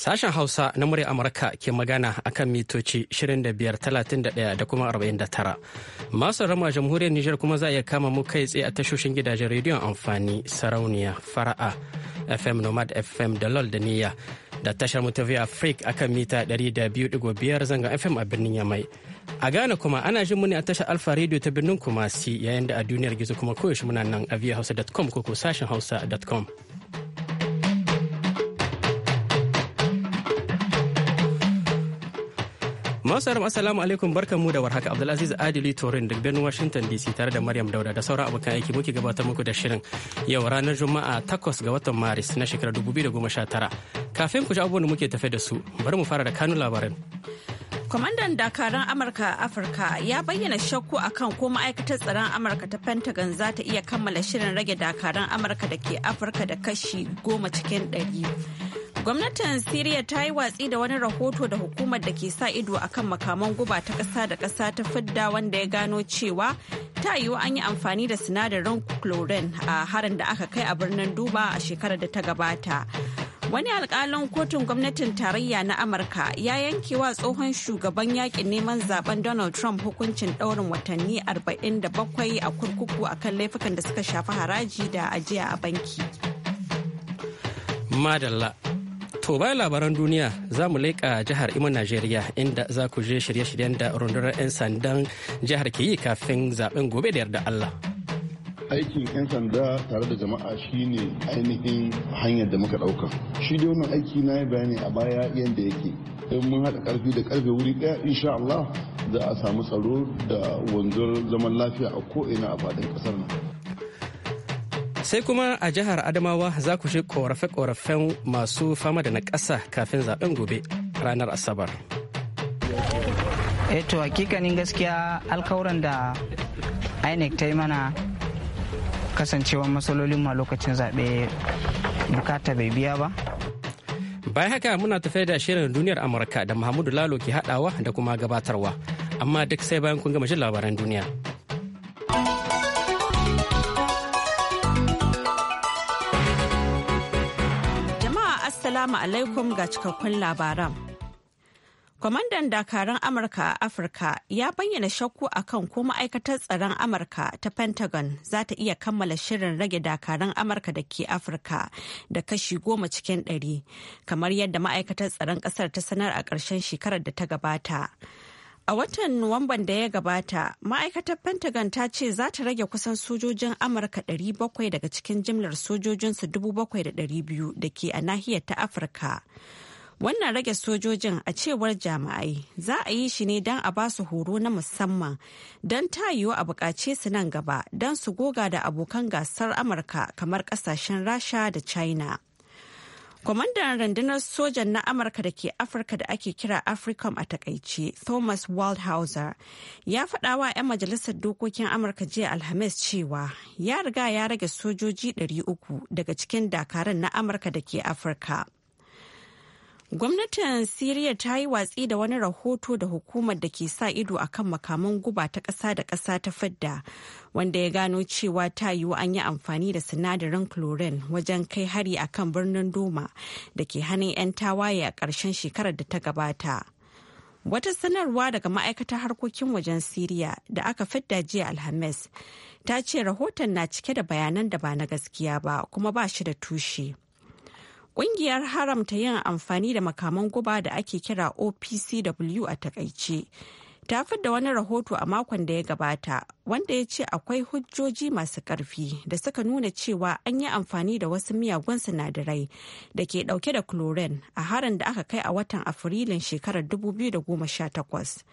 Sashen Hausa na murya Amurka ke magana akan mitoci 25,31 da kuma 49. Masu rama jamhuriyar Nijar kuma za a iya kama mu kai tsaye a tashoshin gidajen rediyon amfani sarauniya fara'a FM Nomad FM da LOL da Niyya da tashar mu ta Via Freak akan mita 200.5 zanga FM a birnin Yamai. A Ghana kuma ana jin muni a tashar Alfa Radio ta birnin Kumasi yayin da a duniyar gizo kuma koyaushe muna nan a viahausa.com ko ko sashen hausa.com. Masarar assalamu alaikum mu da warhaka Abdulaziz Adili Torin daga birnin Washington DC tare da Maryam Dauda da sauran abokan aiki muke gabatar muku da shirin yau ranar Juma'a takwas ga watan Maris na shekarar da 2019. Kafin ku ji abubuwan da muke tafe da su, bari mu fara da kanun labarin. Kwamandan dakaran Amurka a Afirka ya bayyana shakku akan ko ma'aikatar tsaron Amurka ta Pentagon za ta iya kammala shirin rage dakaran Amurka da ke Afirka da kashi goma cikin ɗari. Gwamnatin Siriya ta yi watsi da wani rahoto da hukumar da ke sa ido a kan makaman guba ta ƙasa da ƙasa ta fidda wanda ya gano cewa ta yiwu an yi amfani da sinadarin chlorine a harin da aka kai a birnin Duba a shekarar da ta gabata. Wani alkalin kotun gwamnatin tarayya na Amurka ya yanke wa tsohon shugaban yakin neman zaben Donald Trump hukuncin ɗaurin watanni 47 a kurkuku a kan laifukan da suka shafi haraji da ajiya a banki. Madalla To bayan labaran duniya za mu leƙa jihar Imo Najeriya inda za ku je shirye-shiryen da rundunar 'yan sandan jihar ke yi kafin zaben gobe da yarda Allah. aikin 'yan sanda tare da jama'a shine ainihin hanyar da muka ɗauka shi dai wannan aiki na yi bayani a baya yadda yake in mun haɗa ƙarfi da ƙarfe wuri ɗaya insha Allah za a samu tsaro da wanzuwar zaman lafiya a ko'ina a faɗin ƙasar nan sai kuma a jihar adamawa za ku shi korafe-korafen masu fama da na ƙasa kafin zaben gobe ranar asabar eto eh hakikanin gaskiya alkawuran da inec ta yi mana kasancewar matsalolin ma lokacin zaɓe bukata bai biya ba bayan haka muna tafiya da shirin duniyar amurka da muhammadu lalo ke haɗawa da kuma gabatarwa amma duk sai bayan kun gama shi labaran duniya. Assalamu alaikum ga cikakkun labaran. Kwamandan dakaran Amurka a Afirka ya bayyana shakku a kan ko ma'aikatar tsaron Amurka ta Pentagon za ta iya kammala shirin rage dakaran Amurka da ke Afirka da kashi goma cikin ɗari, kamar yadda ma'aikatar tsaron ƙasar ta sanar a ƙarshen shekarar da ta gabata. A watan Nuwamban da ya gabata, ma'aikatar Pentagon ta ce za ta rage kusan sojojin Amurka 700 daga cikin jimlar sojojinsu 7,200 da ke a nahiyar ta Afirka. Wannan rage sojojin a cewar jama'ai za a yi shi ne don a ba su horo na musamman don ta yiwu a bukace su nan gaba don su goga da abokan gasar Amurka kamar kasashen Rasha da China. Kwamandan rundunar sojan na Amurka da ke Afirka da ake kira AFRICOM a takaice, Thomas Waldhauser, ya faɗa wa 'yan majalisar dokokin Amurka jiya Alhamis cewa ya riga ya rage sojoji 300 daga cikin dakaran na Amurka da ke Afirka. Gwamnatin Siriya ta yi watsi da wani rahoto da hukumar da ke sa ido a kan makaman guba ta ƙasa da ƙasa ta fadda wanda ya gano cewa ta yiwu an yi amfani da sinadarin chlorine wajen kai hari a kan birnin Doma da ke hannun 'yan tawaye a ƙarshen shekarar da ta gabata. Wata sanarwa daga ma'aikatar harkokin wajen Siriya da aka fadda jiya Alhamis ta ce rahoton na cike da bayanan da ba na gaskiya ba kuma ba shi da tushe. Ƙungiyar haramta yin amfani da makaman guba da ake kira OPCW a takaice. Ta da wani rahoto a makon da ya gabata wanda ya ce akwai hujjoji masu ƙarfi da suka nuna cewa an yi amfani da wasu miyagun sinadarai da ke ɗauke da chlorine a harin da aka kai a watan Afrilun shekarar 2018.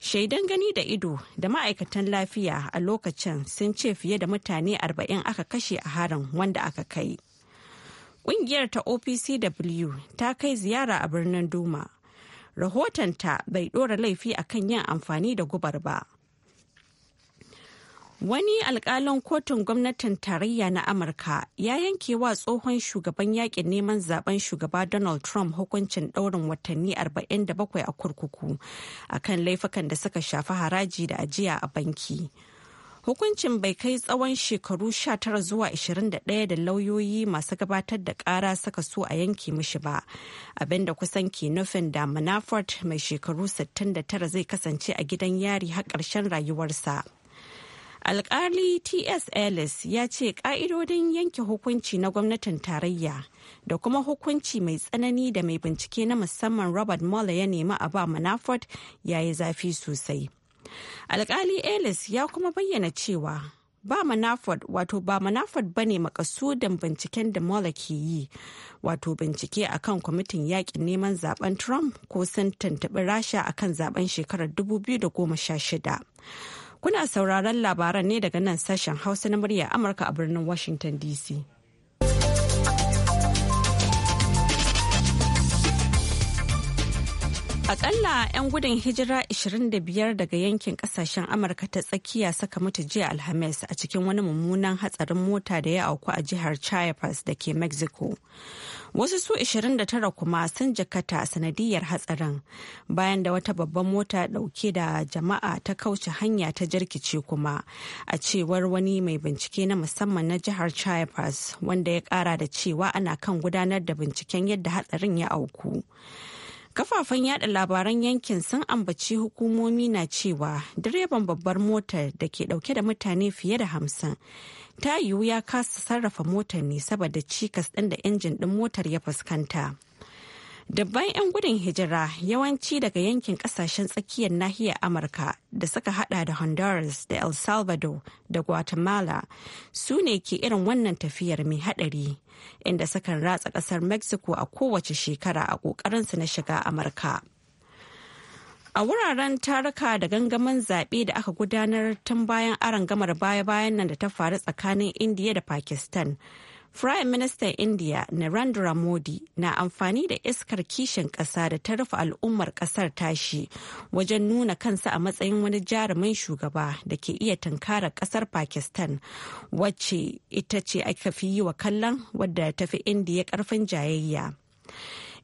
shaidan gani da ido da ma'aikatan lafiya a lokacin sun ce fiye da mutane 40 aka kashe a harin wanda aka kai Ƙungiyar ta OPCW ta kai ziyara a birnin Duma. Rahotonta bai ɗora laifi a kan yin amfani da gubar ba. Wani alkalin kotun gwamnatin tarayya na Amurka ya yanke wa tsohon shugaban yakin neman zaben shugaba Donald Trump hukuncin daurin watanni 47 a kurkuku akan laifukan da suka shafi haraji da ajiya a banki. Hukuncin bai kai tsawon shekaru 19 zuwa 21 da lauyoyi masu gabatar da kara saka so a yanke mishi ba, abinda kusan ke nufin da Manafort mai shekaru 69 zai kasance a gidan yari har ƙarshen rayuwarsa. alkali ts ellis ya ce ka'idodin yanke hukunci na gwamnatin tarayya da kuma hukunci mai tsanani da mai bincike na musamman robert mueller ya nemi a ba manafort ya yi zafi sosai alkali ellis ya kuma bayyana cewa ba manafort wato ba ba bane makasudan binciken da mola ke yi wato bincike akan kwamitin yakin neman zaben Trump ko sun tantabi rasha akan zaben shekarar 2016 kuna sauraron labaran ne daga nan sashen hausa na murya amurka a birnin washington dc Akalla 'yan gudun hijira 25 daga yankin kasashen Amurka ta tsakiya saka mutu jiya Alhamis a cikin wani mummunan hatsarin mota da ya auku a jihar Chiapas da ke Mexico. Wasu su 29 kuma sun jakata sanadiyar hatsarin bayan da wata babban mota dauke da jama'a ta kauce hanya ta jirkice kuma a cewar wani mai bincike na musamman na jihar Chiapas wanda ya kara da cewa ana kan gudanar da binciken yadda hatsarin ya auku. Kafafen yada labaran yankin sun ambaci hukumomi na cewa direban babbar motar da ke dauke da mutane fiye da hamsin ta yiwu ya kasa sarrafa motar ne saboda cikas ɗin da injin ɗin motar ya fuskanta. Dabban 'yan gudun hijira yawanci daga yankin kasashen tsakiyar nahiyar Amurka da suka hada da Honduras da El Salvador da Guatemala su ne ke irin wannan tafiyar mai hadari inda sukan ratsa kasar Mexico a kowace shekara a kokarinsu na shiga Amurka. A wuraren taruka da gangamin zaɓe da aka gudanar tun bayan aron gamar baya-bayan nan da ta faru tsakanin Indiya da Pakistan, Prime Minister India Narendra Modi na amfani da iskar kishin ƙasa da ta rufe al'ummar ƙasar tashi wajen nuna kansa a matsayin wani jarumin shugaba da ke iya tunkara ƙasar Pakistan wacce ita ce aka fi yi wa kallon wadda tafi India ƙarfin jayayya.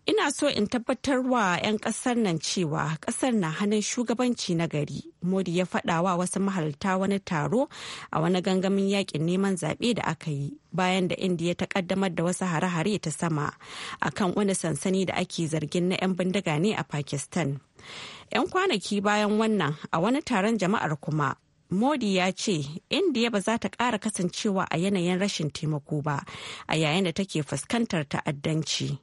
ina so in tabbatar wa 'yan kasar nan cewa kasar na hannun shugabanci na gari modi ya faɗa wa wasu mahalarta wani taro a wani gangamin yakin neman zaɓe da aka yi bayan da indiya ta kaddamar da wasu hare-hare ta sama akan wani sansani da ake zargin na 'yan bindiga ne a pakistan 'yan kwanaki bayan wannan a wani taron jama'ar kuma modi ya ce indiya ba za ta ƙara kasancewa a yanayin rashin taimako ba a yayin da take fuskantar ta'addanci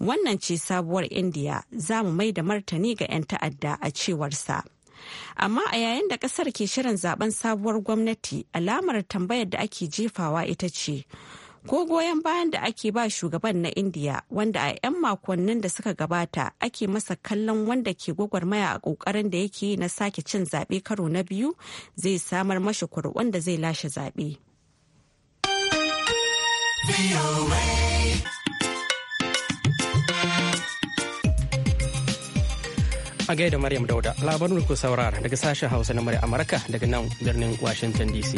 wannan ce sabuwar indiya za mu mai da martani ga 'yan ta'adda a cewarsa amma a yayin da kasar ke shirin zaben sabuwar gwamnati alamar tambayar da ake jefawa ita ce ko goyon bayan da ake ba shugaban na indiya wanda a 'yan makonnin da suka gabata ake masa kallon wanda ke gwagwarmaya a kokarin da yake na sake cin zaɓe karo na biyu zai samar mashi kuri'un da zai lashe zaɓe. a gaida Maryam Dauda labarin ku saurara daga sashen Hausa na Murya Amurka daga nan birnin Washington DC.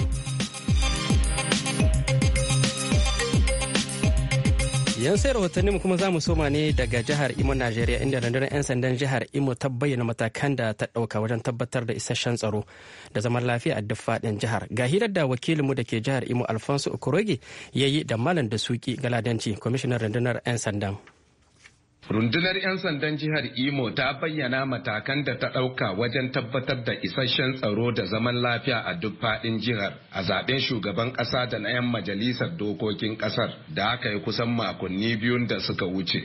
yan sai rahotanni kuma za mu soma ne daga jihar Imo Najeriya inda rundunar 'yan sandan jihar Imo ta bayyana matakan da ta ɗauka wajen tabbatar da isasshen tsaro da zaman lafiya a duk faɗin jihar. Ga hirar da wakilinmu da ke jihar Imo Alfonso Okoroge ya yi da Malam da Suki Galadanci kwamishinan rundunar 'yan sandan. Rundunar 'yan sandan jihar Imo ta bayyana matakan da ta ɗauka wajen tabbatar da isasshen tsaro da zaman lafiya a duk faɗin jihar a zaɓen shugaban ƙasa da na 'yan majalisar dokokin ƙasar da aka yi kusan makonni biyun da suka wuce.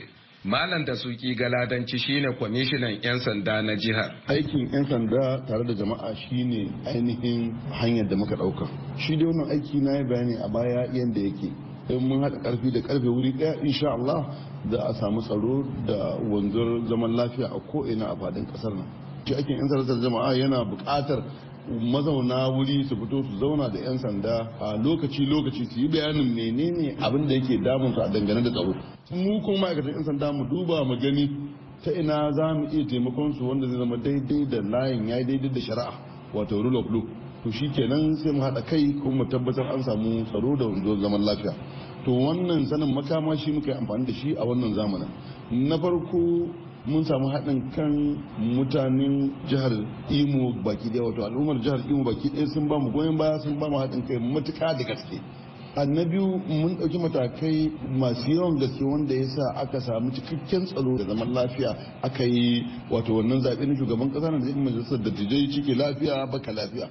Malam da suki galadanci shine kwamishinan 'yan sanda na jihar. Aikin 'yan sanda tare da jama'a shine ainihin hanyar da muka ɗauka. Shi dai wannan aiki na yi bayani a baya yadda yake. in mun haɗa ƙarfi da ƙarfe wuri ɗaya insha Allah za a samu tsaro da wanzuwar zaman lafiya a ko'ina a faɗin ƙasar nan shi ake yan saratar jama'a yana buƙatar mazauna wuri su fito su zauna da 'yan sanda a lokaci lokaci su yi bayanin menene abin da yake su a dangane da tsaro mu kuma ma'aikatan 'yan sanda mu duba mu gani ta ina za mu iya taimakon su wanda zai zama daidai da layin ya daidai da shari'a wato rule of law to shi kenan sai mu haɗa kai kuma mu tabbatar an samu tsaro da wanzuwar zaman lafiya to wannan sanin makama shi muka yi amfani da shi a wannan zamanin na farko mun samu haɗin kan mutanen jihar imo baki daya wato al'ummar jihar imo baki ɗaya sun ba mu goyon baya sun ba mu haɗin kai matuka da gaske a na biyu mun ɗauki matakai masu yawan gaske wanda ya sa aka samu cikakken tsaro da zaman lafiya aka yi wato wannan zaɓe na shugaban ƙasa na da majalisar dattijai cike lafiya baka lafiya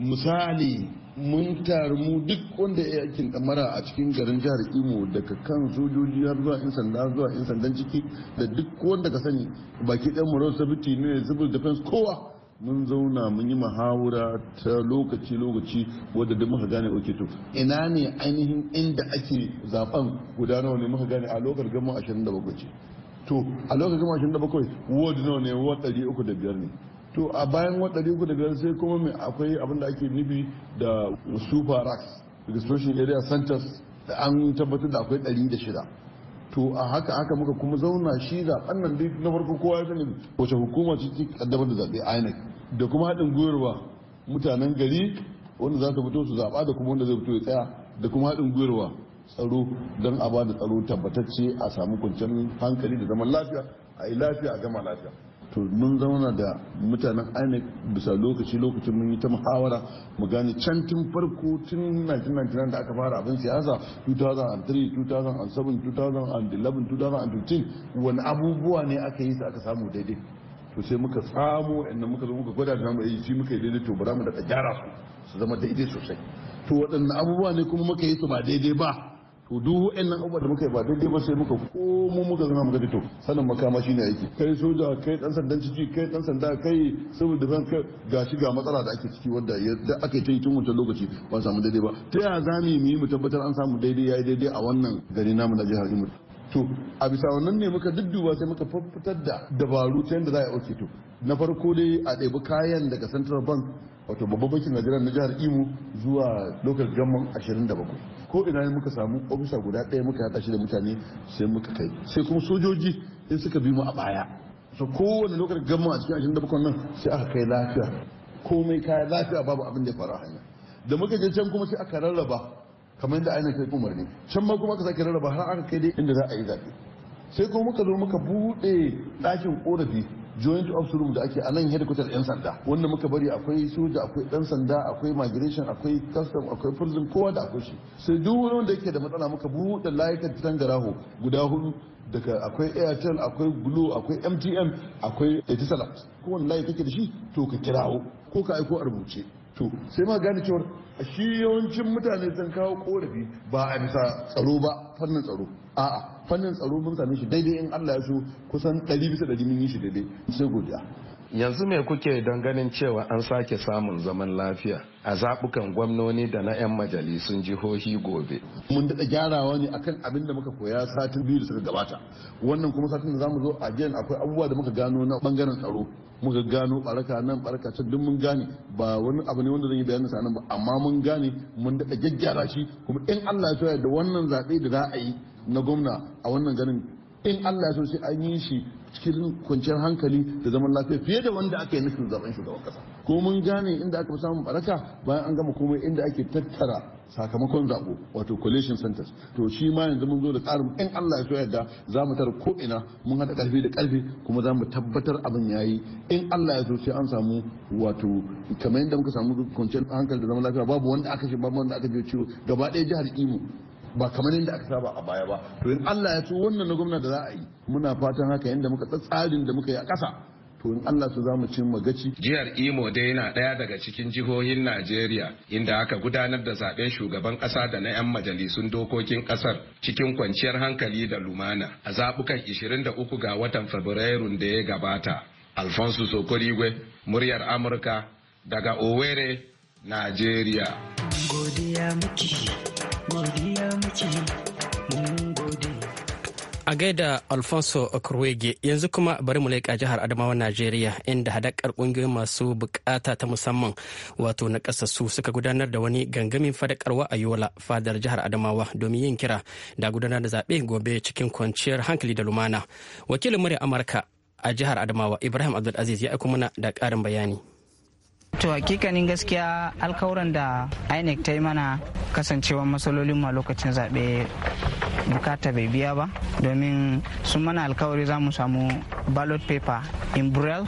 misali mun taru mu duk wanda ya aikin kamara a cikin garin jihar imo daga kan sojoji har zuwa in sanda zuwa in sandan ciki da duk wanda ka sani baki ɗan moral sabiti ne civil defense kowa mun zauna mun yi mahawura ta lokaci-lokaci wadda duk muka gane oke to ina ne ainihin inda ake zaben guda nawa ne muka gane a lokar gama 27 ce to a lokar gama 27 ward nawa ne ward 305 ne to a bayan wa uku da biyar sai kuma mai akwai abin da ake nufi da super racks registration area centers da an tabbatar da akwai ɗari da shida to a haka haka muka kuma zauna shi da nan duk na farko kowa ya sani wace hukuma ce ke kaddamar da zaɓe inec da kuma haɗin gwiwarwa mutanen gari wanda za ta fito su zaɓa da kuma wanda zai fito ya tsaya da kuma haɗin gwiwarwa tsaro don a ba da tsaro tabbatacce a samu kwanciyar hankali da zaman lafiya a yi lafiya a gama lafiya to mun zauna da mutanen inec bisa lokaci lokacin mun yi ta muhawara mu gane can tun farko tun 1999 da aka fara abin siyasa 2003 2007 2011 2015 wani abubuwa ne aka yi su aka samu daidai to sai muka samu inda muka zo muka gwada da mu yi eh, shi muka yi daidai to bara mu daga gyara su su zama daidai sosai to waɗanne abubuwa ne kuma muka yi su ba daidai ba to duk nan abubuwa da muka yi ba daidai ba sai muka komo muka zama muka fito sanin makama shine aiki kai soja kai dan sandan ciki kai dan sanda kai civil defense kai shi ga matsala da ake ciki wanda yadda aka yi tun wancan lokaci ba samu daidai ba ta yaya za mu yi mu tabbatar an samu daidai yayi daidai a wannan gari namu na jihar Imo to a bisa wannan ne muka dudduba sai muka fitar da dabaru ta yadda za a yi to na farko dai a ɗebi kayan daga central bank wato babban bankin najeriya na jihar imo zuwa local government 27 ko ina ne muka samu ofisa guda ɗaya muka haɗa shi da mutane sai muka kai sai kuma sojoji in suka bi mu a baya so kowane lokacin gama a cikin ashirin da bakwai nan sai aka kai lafiya komai kaya lafiya babu abin da ya faru a hanya da muka je can kuma sai aka rarraba kamar yadda ainihin kai umarni can ma kuma aka sake rarraba har aka kai dai inda za a yi zaɓe sai kuma muka zo muka buɗe ɗakin ƙorafi joint ops room da ake a nan headquarter yan sanda wanda muka bari akwai soja akwai dan sanda akwai migration akwai custom akwai prison kowa da akwai shi sai duk wani wanda yake da matsala muka buɗe layukan tangaraho guda hudu daga akwai airtel akwai glo akwai mtn akwai etisalat kowane layi kake da shi to ka kirawo ko ka aiko a rubuce to sai ma gane cewar shi yawancin mutane sun kawo korafi ba a bisa tsaro ba fannin tsaro a'a fannin tsaro mun same shi daidai in Allah ya so kusan 100 bisa 100 mun yi shi daidai sai godiya yanzu me kuke don ganin cewa an sake samun zaman lafiya a zaɓukan gwamnoni da na 'yan majalisun jihohi gobe mun daɗa gyarawa ne akan abin da muka koya satin biyu da suka gabata wannan kuma satin da zamu zo a jiyan akwai abubuwa da muka gano na bangaren tsaro muka gano ɓaraka nan ɓaraka can duk mun gane ba wani abu ne wanda zan yi bayanin sa nan ba amma mun gane mun daɗa gyaggyara shi kuma in Allah ya da wannan zaɓe da za a yi na gwamna a wannan ganin in Allah ya so sai an yi shi cikin kwanciyar hankali da zaman lafiya fiye da wanda aka yi nufin zaben shugaban kasa ko mun gane inda aka fi samun baraka bayan an gama komai inda ake tattara sakamakon zaɓo wato collation centers to shi ma yanzu mun zo da tsarin in Allah ya so yadda za mu tara ko ina mun haɗa ƙarfi da ƙarfi kuma za mu tabbatar abin yayi in Allah ya so sai an samu wato kamar yadda muka samu kwanciyar hankali da zaman lafiya babu wanda aka shi babu wanda aka ciwo gaba ɗaya jihar Imo ba kamar yadda aka saba a baya ba to in Allah ya so wannan na gwamna da za a yi muna fatan haka yadda muka tsarin da muka yi a ƙasa to in Allah su zamu cin magaci. Jihar Imo dai yana ɗaya daga cikin jihohin Najeriya inda aka gudanar da zaben shugaban ƙasa da na 'yan majalisun dokokin ƙasar cikin kwanciyar hankali da lumana a zaɓukan 23 ga watan Fabrairun da ya gabata. Alfonso Sokorigwe, muryar Amurka daga Owerri, Najeriya. Godiya muke. a gaida alfonso okurwege yanzu kuma bari mu leƙa jihar adamawa najeriya inda haɗakar ƙungiyoyin masu bukata ta musamman wato na ƙasassu suka gudanar da wani gangamin fadakarwa a yola fadar jihar adamawa domin yin kira da gudanar da zaɓe gobe cikin kwanciyar hankali da lumana wakilin murya amurka a jihar adamawa ibrahim abdulaziz ya aiko mana da ƙarin bayani To hakikanin gaskiya alkawuran da INEC ta yi mana kasancewa matsalolin ma lokacin zaɓe bukata bai biya ba domin sun mana alkawari za mu samu ballot paper in braille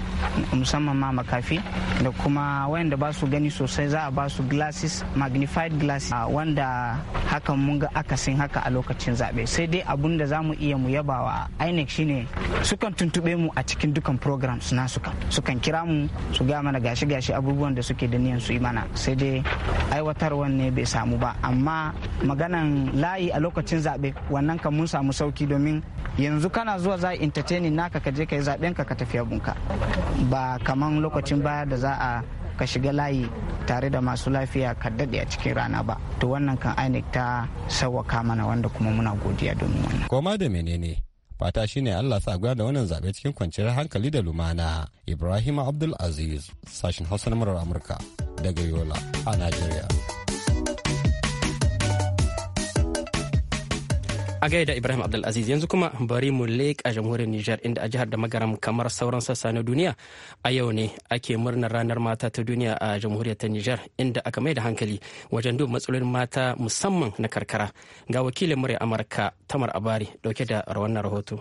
musamman ma makafi da kuma wayanda ba su gani sosai za a ba su glasses magnified glasses wanda hakan mun ga akasin haka a lokacin zaɓe sai dai abun da za mu iya mu yabawa inec shine sukan tuntube mu a cikin dukan programs na sukan sukan kira mu su ga mana gashi gashi abubuwan da suke da niyan su yi mana sai dai aiwatarwan ne bai samu ba amma maganan layi a lokacin zaɓe wannan kan mun samu sauki domin yanzu kana zuwa za entertaining naka ka je ka yi zaben ka ka tafi abunka ba kaman lokacin baya da za a ka shiga layi tare da masu lafiya ka daɗe a cikin rana ba to wannan kan inec ta sauwaka mana wanda kuma muna godiya domin wannan koma da menene fata shine Allah sa da wannan zaɓe cikin kwanciyar hankali da lumana Ibrahim abdulaziz Aziz sashin Hausa na Amurka daga Yola a Najeriya. A gaida Ibrahim Abdulaziz yanzu kuma bari mu leƙa jamhuriyar Niger inda a jihar da magaram kamar sauran sassa na duniya a yau ne ake murnar ranar mata ta duniya a jamhuriyar ta Niger inda aka mai da hankali wajen duk matsalolin mata musamman na karkara. Ga wakilin murya Amurka Tamar Abari dauke da wannan rahoto.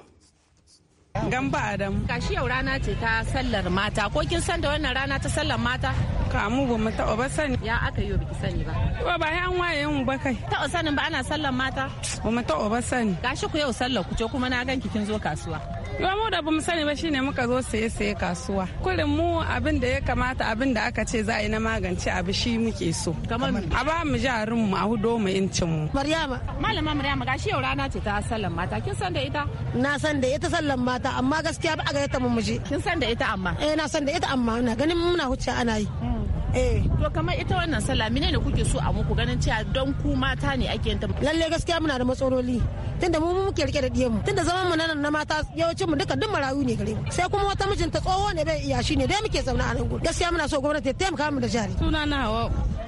Gamba Adam. Kashi yau rana ce ta sallar mata ko kin san da wannan rana ta sallar mata Kamu ba mu taɓa ba sani. Ya aka yi biki sani ba. Ba ba an waye mu ba kai. Taɓa sanin ba ana sallan mata? Ba mu taɓa ba sani. Gashi ku yau sallar ku ce kuma na gan kin zo kasuwa. Yau mu da bamu sani ba shine muka zo saye saye kasuwa. Kurin mu abin da ya kamata abin da aka ce za a yi na magance abu shi muke so. Kamar mu. A ba mu jarin mu a hudo mu incin mu. Maryama. Malama Maryama gashi yau rana ce ta sallan mata kin san da ita? Na san da ita sallan mata amma gaskiya ba a ga ta mu muje. Kin san da ita amma? Eh na san da ita amma na ganin muna huce ana yi. Hmm. Eh. to kamar ita wannan sallah mine ne kuke so a muku ganin cewa don ku mata ne ake yin ta lalle gaskiya muna da matsaloli tunda mu muke rike da diyan mu tunda zaman mu nan na mata yawancin mu duka duk marayu ne gare mu sai kuma wata mijinta tsoho ne bai iya shi ne dai muke zauna a nan gudu gaskiya muna so gwamnati ta taimaka mu da jari suna na hawa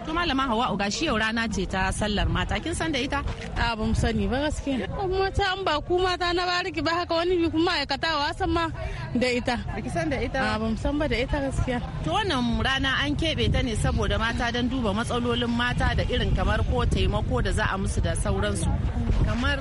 to malama hawa uga shi yau rana ce ta sallar mata kin san da ita a ba mu sani ba kuma ta an ba ku mata na bariki ba haka wani bi kuma wa san ma da ita biki san da ita a ba mu san ba da ita gaskiya to wannan rana an keɓe ta ne saboda mata don duba matsalolin mata da irin kamar ko taimako da za a musu da sauransu kamar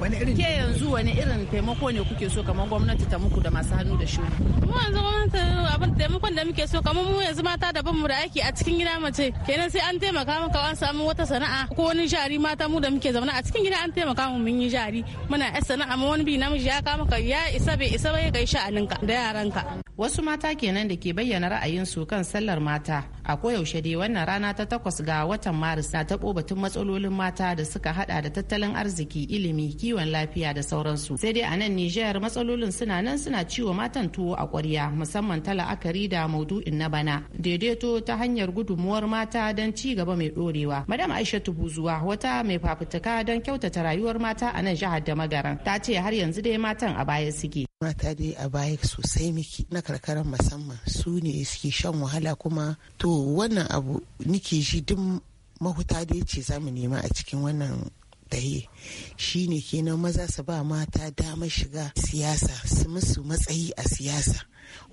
wani irin ke yanzu wani irin taimako ne kuke so kamar gwamnati ta muku da masu hannu da shuni mu yanzu gwamnati abin taimakon da muke so kamar mu yanzu mata da mu da aiki a cikin gida mace kenan sai an taimaka maka an samu wata sana'a ko wani jari mata mu da muke zaune a cikin gida an taimaka mu mun yi jari muna yan sana'a mu wani bi namiji ya kama ka ya isa bai isa bai ga sha'aninka da yaranka wasu mata kenan da ke bayyana ra'ayin su kan sallar mata a koyaushe dai wannan rana ta takwas ga watan maris na taɓo batun matsalolin mata da suka hada da tattalin arziki ilimi kiwon lafiya da sauransu sai dai a nan nijar matsalolin suna nan suna ciwo matan tuwo a ƙwarya musamman ta la'akari da maudu'in na bana daidaito ta hanyar gudunmuwar mata don ci gaba mai ɗorewa madam aisha buzuwa wata mai fafutuka don kyautata rayuwar mata a nan jihar da magaran ta ce har yanzu dai matan a baya suke mata dai a baya sosai miki na karkarar musamman su ne suke shan wahala kuma to wannan abu nike shi duk mahuta da ya ce za mu nema a cikin wannan daye shine ne kenan maza su ba mata damar shiga siyasa su musu matsayi a siyasa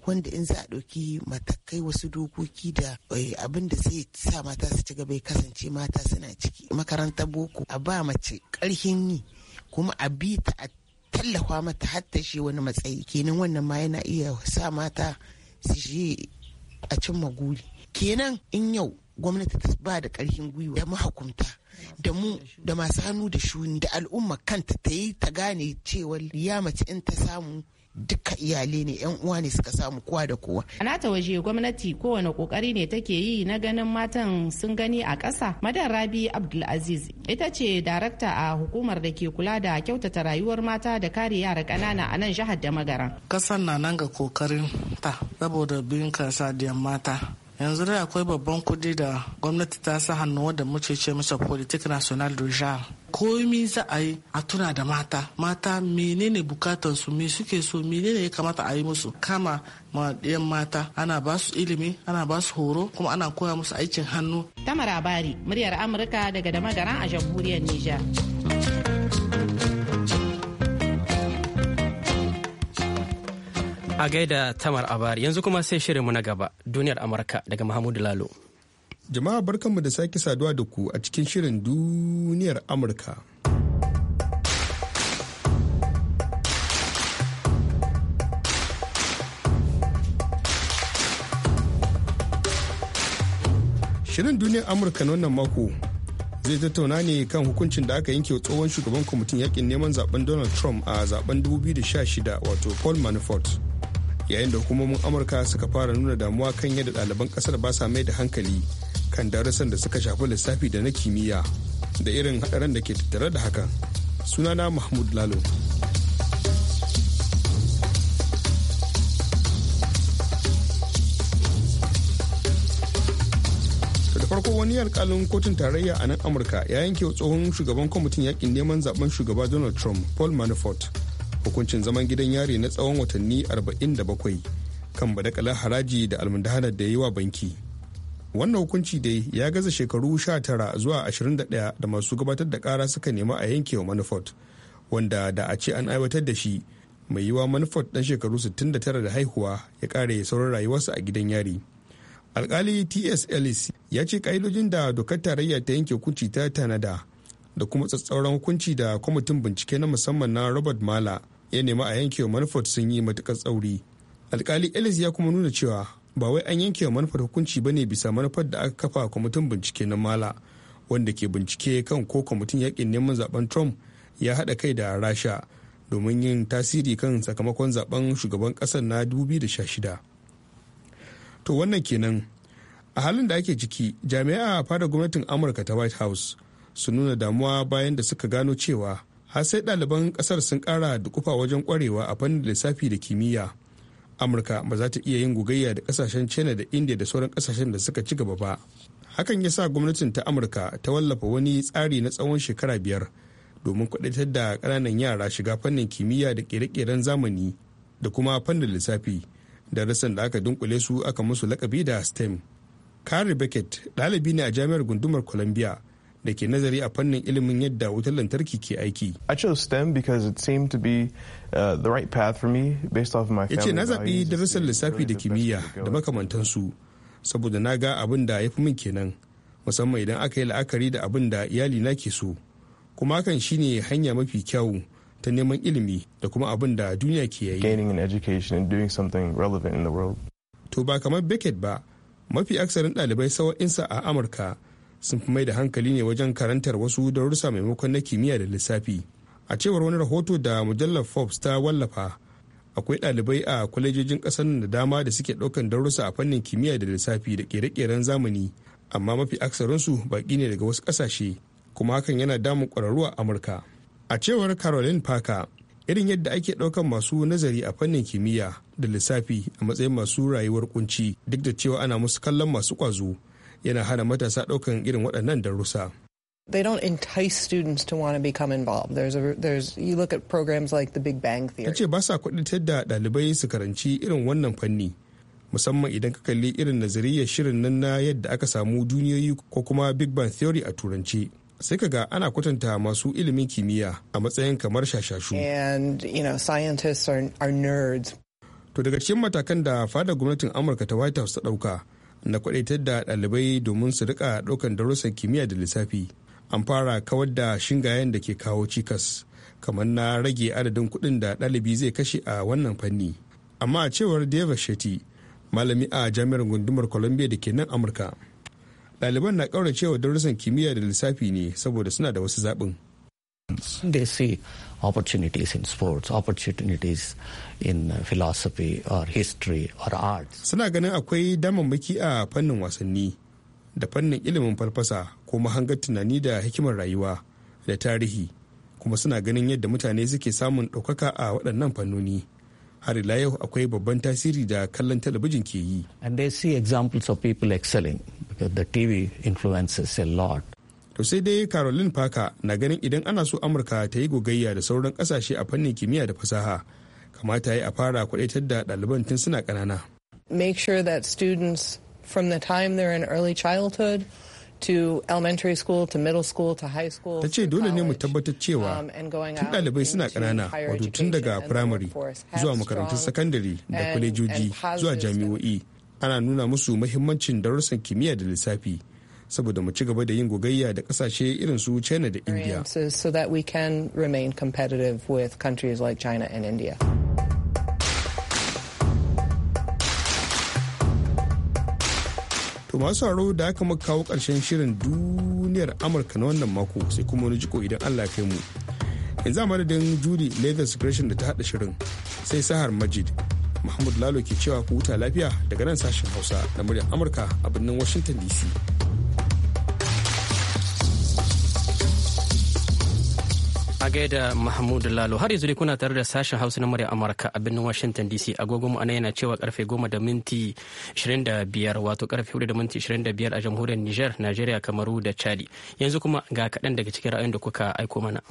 wanda in za a ɗauki matakai wasu dokoki da eh, abin da zai sa mata su ci gaba kasance mata suna ciki makarantar boko a ba mace ƙarfin yi kuma a bi ta a tallafa mata har ta shi wani matsayi kenan wannan ma yana iya sa mata su je a cin guri kenan in yau gwamnati ta ba da ƙarfin gwiwa da mahukunta da mu da masu hannu da shuni da al'umma kanta ta yi ta gane cewa ya mace in ta samu duka iyalai ne yan uwa ne suka samu kowa da kowa. A nata waje gwamnati kowane kokari ne take yi na ganin matan sun gani a ƙasa. Madan Rabi Abdulaziz ita ce darakta a hukumar da ke kula da kyautata rayuwar mata da kare yara ƙanana a nan jihar da magaran. Kasan na nan ga kokarin ta saboda biyun kasa mata yanzu dai akwai babban kudi da gwamnati ta sa hannu wadda muke ce masa politik national du komi za a yi a tuna da mata mata menene su me suke so menene ya kamata a yi musu kama ma mata ana ba su ilimi ana ba su horo kuma ana koya musu aikin hannu tamara bari muryar amurka daga damagaran a jamhuriyar niger A gaida Tamar Abari yanzu kuma sai shirinmu na gaba duniyar Amurka daga mahmudu Lalo. Jama'a barkanmu da sake saduwa da ku a cikin shirin duniyar Amurka. Shirin duniyar Amurka na wannan mako zai tattauna ne kan hukuncin da aka yanke tsohon shugaban kwamitin yakin neman zaben Donald Trump a zaben 2016 wato Paul Manafort. yayin da hukumomin amurka suka fara nuna damuwa kan yadda ɗaliban ƙasar ba sa mai da hankali kan darussan da suka shafi lissafi da na kimiyya da irin haɗarin da ke tattare da hakan sunana mahmud lalo da farko wani alkalin kotun tarayya a nan amurka ya yanke tsohon shugaban kwamitin yaƙin neman zaben shugaba donald trump paul manafort hukuncin zaman gidan yari na tsawon watanni 47 kan badakalar haraji da almundahanar da yi wa banki wannan hukunci dai ya gaza shekaru 19 zuwa 21 da masu gabatar da kara suka nema a yankewa manafort wanda da a ce an aiwatar da shi mai yiwa manufar dan shekaru 69 da haihuwa ya kare sauran rayuwarsa a gidan yari alkali ts ellis ya ce ka'idojin da dokar tarayya ta yanke hukunci ta tanada da kuma tsatsauran hukunci da kwamitin bincike na musamman na robert mala ya nema a yankewa manufar sun yi matukar tsauri alkali ellis ya kuma nuna cewa ba wai an yankewa manufar hukunci ba ne bisa manufar da aka kafa kwamitin bincike na mala wanda ke bincike kan ko kwamitin yakin neman zaben trump ya haɗa kai da rasha domin yin tasiri kan sakamakon zaben shugaban ƙasar na 2016 to wannan kenan a halin da ake ciki jami'a fada gwamnatin amurka ta white house su nuna damuwa bayan da suka gano cewa har sai ɗaliban ƙasar sun ƙara dukufa wajen ƙwarewa a fannin lissafi da kimiyya amurka ba za ta iya yin gugayya da ƙasashen china da india da sauran ƙasashen da suka ci gaba ba hakan ya sa gwamnatin ta amurka ta wallafa wani tsari na tsawon shekara biyar domin kudatar da ƙananan yara shiga fannin kimiyya da ƙere-ƙeren zamani da kuma fannin lissafi darasan da aka dunkule su aka musu lakabi da stem Carrie Beckett ɗalibi ne a jami'ar gundumar Columbia da ke nazari a fannin ilimin yadda wutar lantarki ke aiki. I chose STEM because it seemed to be uh, the right path for me based off my family Yace na zaɓi darussan lissafi da kimiyya da makamantansu saboda na ga abin da ya fi min kenan musamman idan aka yi la'akari da abin da iyali na ke so kuma hakan shine hanya mafi kyau ta neman ilimi da kuma abin da duniya ke yayi. Gaining an education and doing something relevant in the world. To ba kamar Beckett ba mafi aksarin ɗalibai sawa'insa a Amurka sun fi mai da hankali ne wajen karantar wasu darussa maimakon na kimiyya da lissafi a cewar wani rahoto da mujallar forbes ta wallafa akwai ɗalibai a kwalejojin ƙasar da dama da suke ɗaukan darussa a fannin kimiyya da lissafi da ƙere keren zamani amma mafi aksarinsu baƙi ne daga wasu ƙasashe kuma hakan yana damun ƙwararru a amurka a cewar caroline parker irin yadda ake ɗaukan masu nazari a fannin kimiyya da lissafi a matsayin masu rayuwar kunci duk da cewa ana musu kallon masu ƙwazo yana hana matasa ɗaukan irin waɗannan darussa. they don't entice students to want to become involved. There's a there's you look at programs like the Big Bang Theory. Kace ba sa kudatar da dalibai su karanci irin wannan fanni musamman idan ka kalli irin nazariyar shirin nan na yadda aka samu duniyoyi ko kuma Big Bang Theory a turanci. sai kaga ana kwatanta masu ilimin kimiyya a matsayin kamar shashashu. And you know scientists are, are nerds. To daga cikin matakan da fadar gwamnatin Amurka ta White House ta ɗauka. na kwadaitar da ɗalibai domin su rika ɗaukar darussan kimiyya da lissafi an fara kawar da shingayen da ke kawo cikas kamar na rage adadin kuɗin da ɗalibi zai kashe a wannan fanni amma a cewar david shetty malami a jami'ar gundumar columbia da ke nan amurka ɗaliban na ƙauracewa darussan kimiyya da lissafi ne saboda suna da wasu zaɓin They see opportunities in sports, opportunities in uh, philosophy or history or arts. Suna ganin akwai damammaki a fannin wasanni da fannin ilimin farfasa, ko mahangar tunani da hikimar rayuwa da tarihi kuma suna ganin yadda mutane suke samun ɗaukaka a waɗannan fannoni. har ila yau akwai babban tasiri da kallon talabijin ke yi. And they see examples of people excelling because the TV influences a lot. to sai dai caroline parker na ganin idan ana so amurka ta yi gogayya da sauran kasashe a fannin kimiyya da fasaha kamata ya yi a fara kwadaitar da ɗaliban tun suna ƙanana make sure that students from the time they're in early childhood to elementary school to middle school to high school ta ce dole ne mu tabbatar cewa um, tun ɗalibai suna ƙanana wato tun daga firamare zuwa makarantun sakandare da kwalejoji zuwa jami'o'i ana nuna musu mahimmancin darussan kimiyya da lissafi saboda mu ci gaba da yin gogayya da kasashe irin su China da India. So that we can remain competitive with countries like China and India. To masu sauraro da aka muka kawo ƙarshen shirin duniyar Amurka na wannan mako sai kuma wani jiko idan Allah kai mu. Yanzu a madadin Judy Leather Secretion da ta haɗa shirin sai Sahar Majid. Muhammad Lalo ke cewa ku huta lafiya daga nan sashen Hausa na muryar Amurka a birnin Washington DC. a gaida Mahmud Lalo har yanzu dai kuna tare da sashen Hausa na murya Amurka a birnin Washington DC agogo mu yana cewa karfe 10 da minti 25 wato karfe 4 da minti 25 a jamhuriyar Niger, Nigeria, Kamaru da Chadi. Yanzu kuma ga kaɗan daga cikin ra'ayin da kuka aiko mana.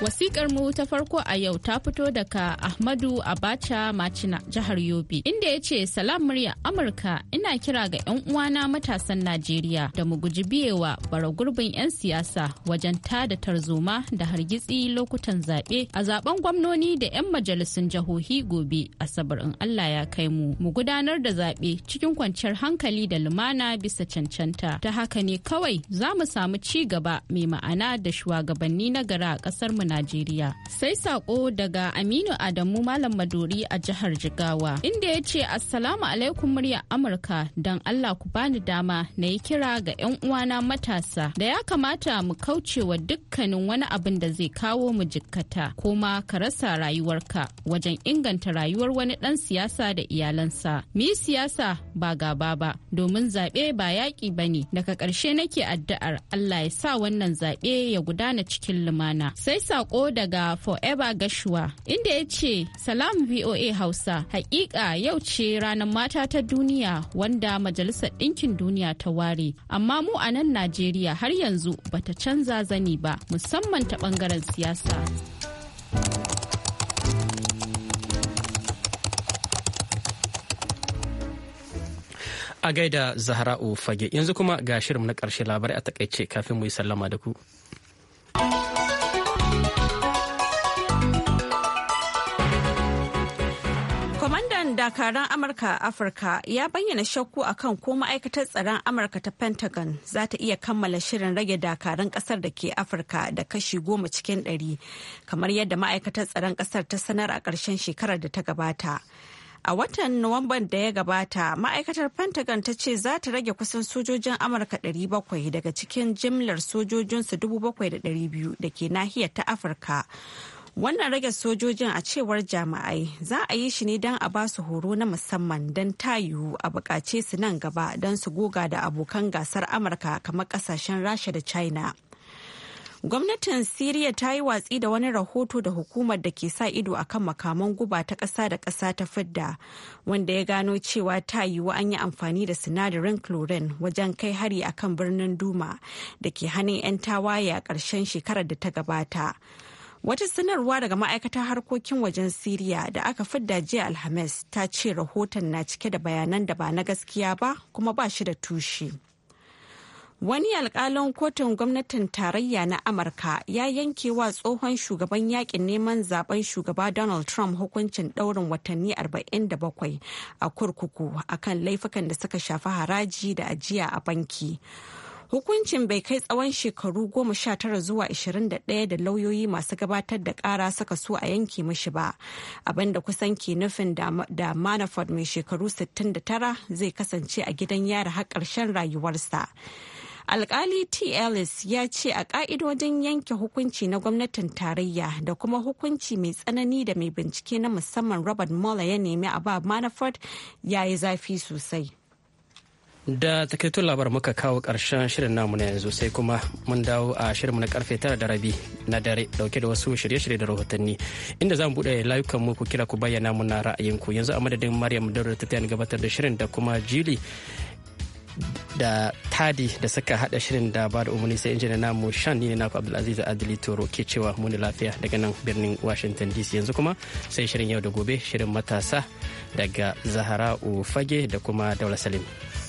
Wasikar mu ta farko a yau ta fito daga Ahmadu Abacha Macina jihar Yobe inda ya ce salam murya Amurka ina kira ga 'yan uwana matasan Najeriya da mu guji biyewa bara gurbin 'yan siyasa wajen tada tarzoma da hargitsi lokutan zaɓe a zaben gwamnoni da 'yan majalisun jihohi gobe asabar in Allah ya kai mu mu gudanar da zaɓe cikin kwanciyar hankali da lumana bisa cancanta ta haka ne kawai za mu samu ci gaba mai ma'ana da shugabanni na gara a ƙasar mu Najeriya. Sai sako daga Aminu Adamu Malam Maduri a jihar Jigawa inda ya ce Assalamu alaikum murya Amurka don Allah ku bani dama na yi kira ga 'yan uwana matasa da ya kamata mu kaucewa dukkanin wani abin da zai kawo mu jikkata ko ma ka rasa rayuwarka wajen inganta rayuwar wani ɗan siyasa da iyalansa. Mi siyasa ba gaba ba domin zaɓe ba yaƙi ba ne daga ƙarshe nake addu'ar Allah ya sa wannan zaɓe ya gudana cikin lumana. Sai sa sako daga Forever Gashua inda ya ce Salam VOA Hausa hakika yau ce ranar mata ta duniya wanda Majalisar dinkin Duniya ta ware amma mu a nan Najeriya har yanzu bata canza zani ba musamman ta bangaren siyasa. a gaida zahra'u fage yanzu kuma ga shirin na ƙarshe labarai a takaice kafin mu yi sallama da ku. dakaran Amurka a Afirka ya bayyana shakku akan ko ma'aikatar tsaron Amurka ta Pentagon za ta iya kammala shirin rage dakaran kasar da ke Afirka da kashi goma cikin ɗari, kamar yadda ma'aikatar tsaron kasar ta sanar a ƙarshen shekarar da ta gabata. A watan Nuwamban da ya gabata, ma'aikatar Pentagon ta ce za ta rage kusan sojojin Amurka 700 daga cikin jimlar sojojinsu 7,200 da ke nahiyar ta Afirka. Wannan rage sojojin a cewar jami'ai za a yi shi ne don a ba su horo na musamman don tayu a bukace su nan gaba don su goga da abokan gasar Amurka kamar kasashen Rasha da China. Gwamnatin Siriya ta yi watsi da wani rahoto da hukumar da ke sa ido a kan makaman guba ta ƙasa da ƙasa ta fidda wanda ya gano cewa ta yiwu an yi amfani da sinadarin chlorine wajen kai hari a kan birnin Duma da ke hannun 'yan tawaye a ƙarshen shekarar da ta gabata. Wata sanarwa daga ma'aikatar harkokin wajen Siriya da aka fidda jiya Alhamis ta ce rahoton na cike da bayanan da ba na gaskiya ba kuma ba shi da tushe. Wani alkalin kotun gwamnatin tarayya na Amurka ya yanke wa tsohon shugaban yakin neman zaben shugaba Donald Trump hukuncin daurin watanni 47 a kurkuku akan laifukan da suka shafi haraji da ajiya a banki. Hukuncin bai kai tsawon shekaru goma sha tara zuwa ashirin da ɗaya da lauyoyi masu gabatar da ƙara suka so a yanke mashi ba, abinda kusan ke nufin da Manafort mai shekaru sittin da tara, zai kasance a gidan yari har ƙarshen rayuwarsa. alkali t ellis ya ce a ka'idodin yanke hukunci na gwamnatin tarayya da kuma hukunci mai tsanani da mai bincike na musamman robert mueller ya nemi a ba manafort ya yi zafi sosai da takaitun labar muka kawo karshen shirin namu na yanzu sai kuma mun dawo a shirin na karfe tara da rabi na dare dauke da wasu shirye-shirye da rahotanni inda za mu buɗe layukan mu ku kira ku bayyana muna ra'ayinku yanzu a madadin maryam daura ta tayan gabatar da shirin da kuma jili da tadi da suka hada shirin da ba da umarni sai injina namu shan ne na abdulaziz adili toro ke cewa muni lafiya daga nan birnin washington dc yanzu kuma sai shirin yau da gobe shirin matasa daga zahara fage da kuma daula salim